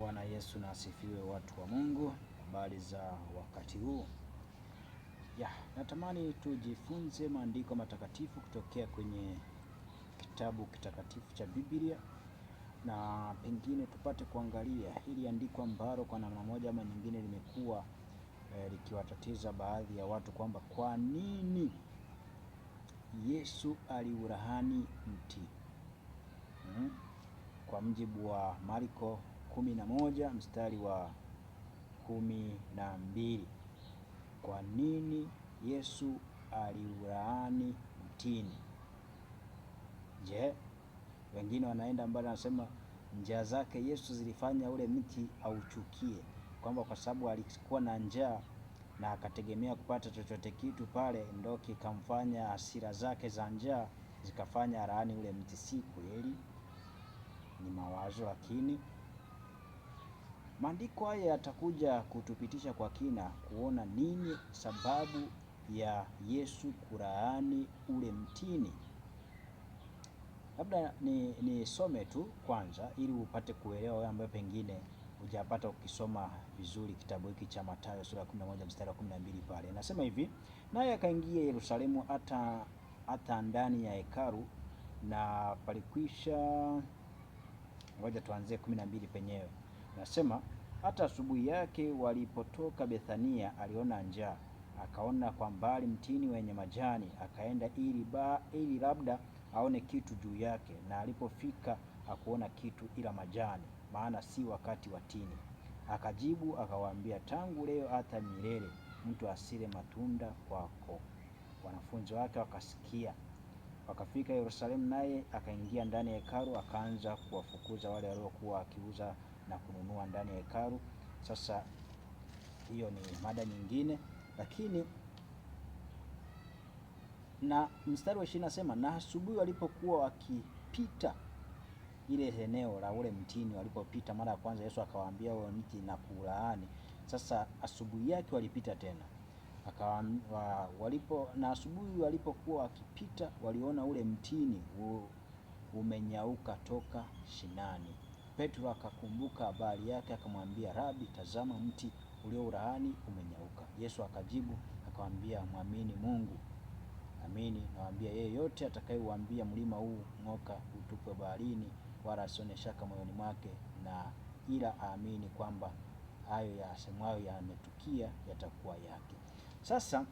Bwana Yesu na asifiwe, watu wa Mungu. Habari za wakati huu ya, natamani tujifunze maandiko matakatifu kutokea kwenye kitabu kitakatifu cha Biblia na pengine tupate kuangalia hili andiko ambalo kwa namna moja ama nyingine limekuwa eh, likiwatatiza baadhi ya watu kwamba kwa nini Yesu aliurahani mti hmm? Kwa mjibu wa Marko kumi na moja mstari wa kumi na mbili. Kwa nini Yesu aliulaani mtini? Je, wengine wanaenda mbali, wanasema njaa zake Yesu zilifanya ule mti auchukie, kwamba kwa sababu alikuwa na njaa na akategemea kupata chochote kitu pale, ndo kikamfanya hasira zake za njaa zikafanya alaani ule mti. Si kweli, ni mawazo lakini Maandiko haya yatakuja kutupitisha kwa kina kuona nini sababu ya Yesu kulaani ule mtini. Labda nisome ni tu kwanza ili upate kuelewa wewe ambaye pengine hujapata ukisoma vizuri kitabu hiki cha Mathayo sura ya 11 mstari wa 12 pale. Nasema hivi, naye akaingia Yerusalemu hata hata ndani ya hekalu na palikwisha, ngoja tuanzie 12 penyewe. Nasema hata asubuhi yake walipotoka Bethania aliona njaa, akaona kwa mbali mtini wenye majani, akaenda ili ba, ili labda aone kitu juu yake, na alipofika hakuona kitu ila majani, maana si wakati wa tini. Akajibu akawaambia, tangu leo hata milele mtu asile matunda kwako. Wanafunzi wake wakasikia. Wakafika Yerusalemu, naye akaingia ndani ya hekalu, akaanza kuwafukuza wale waliokuwa wakiuza na kununua ndani ya hekalu. Sasa hiyo ni mada nyingine, lakini na mstari wa ishirini nasema, na asubuhi walipokuwa wakipita ile eneo la ule mtini, walipopita mara ya kwanza, Yesu akawaambia huo mti na kuulaani. Sasa asubuhi yake walipita tena Akawa, walipo na asubuhi walipokuwa wakipita waliona ule mtini u, umenyauka toka shinani. Petro akakumbuka habari yake, akamwambia, Rabi, tazama mti ulio urahani umenyauka. Yesu akajibu akamwambia, mwamini Mungu. Amini nawaambia, yeyote atakayeuambia mlima huu ng'oka, utupwe baharini, wala asione shaka moyoni mwake, na ila aamini kwamba hayo yasemwayo yametukia, yatakuwa yake. Sasa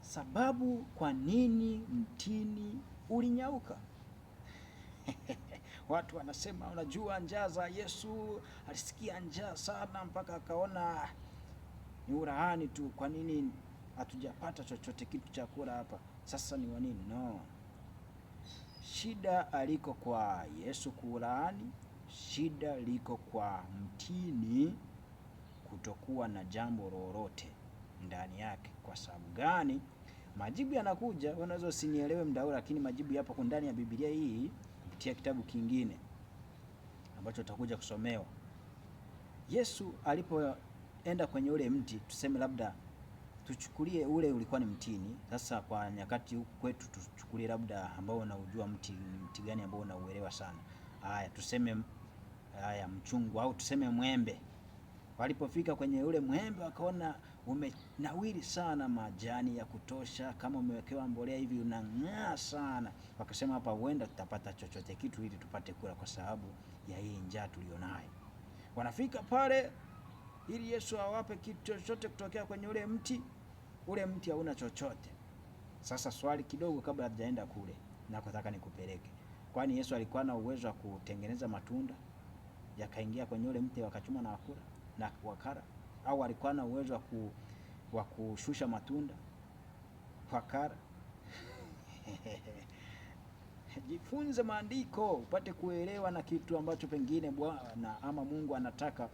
sababu kwa nini mtini ulinyauka? Watu wanasema unajua, njaa za Yesu, alisikia njaa sana mpaka akaona ni urahani tu. Kwa nini hatujapata chochote kitu cha kula hapa? Sasa ni wanini? No, shida aliko kwa Yesu kulaani, shida liko kwa mtini kutokuwa na jambo lolote ndani yake. Kwa sababu gani? Majibu yanakuja, wanaweza usinielewe mdau, lakini majibu yapo ndani ya Biblia hii kupitia kitabu kingine ambacho utakuja kusomewa. Yesu alipoenda kwenye ule mti, tuseme labda tuchukulie ule ulikuwa ni mtini. Sasa kwa nyakati huku kwetu tuchukulie labda ambao unaujua mti mti gani ambao unauelewa sana. Haya, tuseme haya mchungwa au tuseme mwembe. Walipofika kwenye ule mwembe wakaona umenawiri sana, majani ya kutosha, kama umewekewa mbolea hivi unang'aa sana. Wakasema hapa huenda tutapata chochote kitu ili tupate kula, kwa sababu ya hii njaa tulionayo. Wanafika pale ili Yesu awape kitu chochote kutokea kwenye ule mti. Ule mti hauna chochote. Sasa swali kidogo kabla hatujaenda kule, nakotaka nikupeleke. Kwani Yesu alikuwa na uwezo wa kutengeneza matunda yakaingia kwenye ule mti wakachuma na wakula na wakara? au alikuwa na uwezo ku, wa kushusha matunda kwa kara? Jifunze maandiko upate kuelewa na kitu ambacho pengine Bwana ama Mungu anataka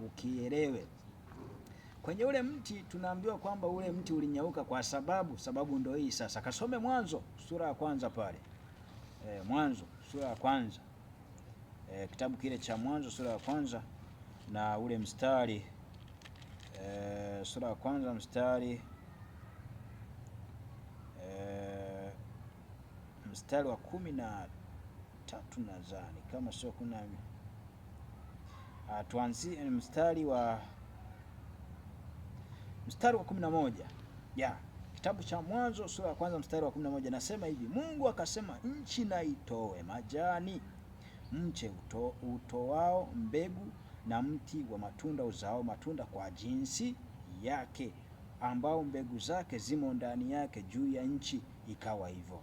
ukielewe. Kwenye ule mti tunaambiwa kwamba ule mti ulinyauka kwa sababu, sababu ndio hii sasa. Kasome Mwanzo sura ya kwanza pale e, Mwanzo sura ya kwanza e, kitabu kile cha Mwanzo sura ya kwanza na ule mstari sura ya kwanza mstari e, mstari wa kumi na tatu nadhani, kama sio kumi na ah, tuanzie eh, mstari wa mstari wa kumi na moja ya kitabu cha Mwanzo sura ya kwanza mstari wa kumi na moja nasema hivi: Mungu akasema, nchi na itoe majani, mche utoao uto mbegu, na mti wa matunda uzao matunda kwa jinsi yake ambao mbegu zake zimo ndani yake juu ya nchi, ikawa hivyo.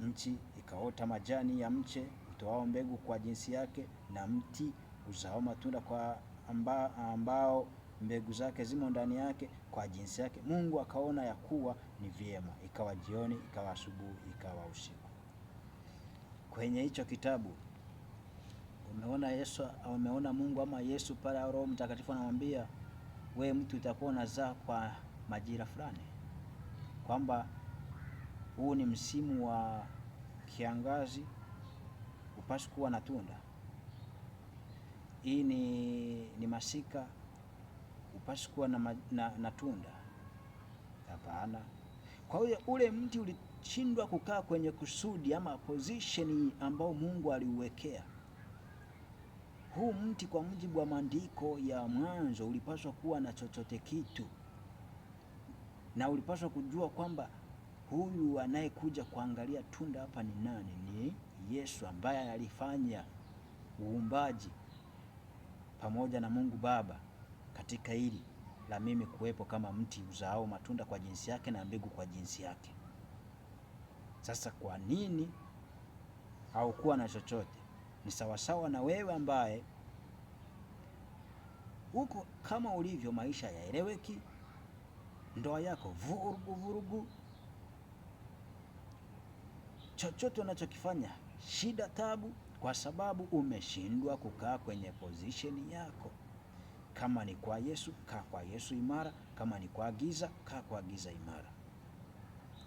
Nchi ikaota majani ya mche utoao mbegu kwa jinsi yake, na mti uzao matunda kwa amba, ambao mbegu zake zimo ndani yake kwa jinsi yake. Mungu akaona ya kuwa ni vyema. Ikawa jioni, ikawa asubuhi, ikawa usiku. Kwenye hicho kitabu umeona Yesu, umeona Mungu ama Yesu pale, Roho Mtakatifu anamwambia we mtu utakuwa unazaa kwa majira fulani, kwamba huu ni msimu wa kiangazi, upasi kuwa na tunda. Hii ni, ni masika, upasi kuwa na, na, na tunda. Hapana. Kwa hiyo ule mti ulishindwa kukaa kwenye kusudi ama position ambao Mungu aliuwekea. Huu mti kwa mujibu wa maandiko ya mwanzo ulipaswa kuwa na chochote kitu, na ulipaswa kujua kwamba huyu anayekuja kuangalia tunda hapa ni nani? Ni Yesu ambaye alifanya uumbaji pamoja na Mungu Baba katika hili la mimi kuwepo kama mti uzaao matunda kwa jinsi yake na mbegu kwa jinsi yake. Sasa kwa nini haukuwa na chochote? Ni sawasawa na wewe ambaye huko kama ulivyo, maisha yaeleweki, ndoa yako vurugu vurugu, chochote unachokifanya shida, tabu, kwa sababu umeshindwa kukaa kwenye position yako. Kama ni kwa Yesu, kaa kwa Yesu imara. Kama ni kwa giza, kaa kwa giza imara,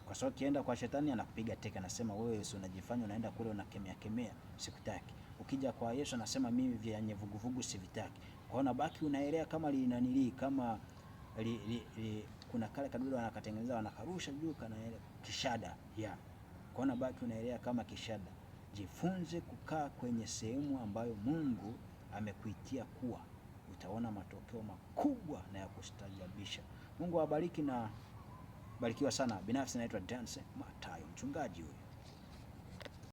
kwa sababu ukienda kwa shetani anakupiga teke, anasema wewe si unajifanya unaenda kule unakemea kemea, sikutaki. Ukija kwa Yesu anasema mimi vyenye vuguvugu sivitaki. Kwa hiyo nabaki unaelea kama linanili kama li, li, li, kuna kale kadudu wanakatengeneza wanakarusha juu kana kishada yeah. Kwa hiyo nabaki unaelea kama kishada. Jifunze kukaa kwenye sehemu ambayo Mungu amekuitia kuwa, utaona matokeo makubwa na ya kustajabisha. Mungu awabariki na barikiwa sana. Binafsi naitwa Dance Matayo, mchungaji huyo.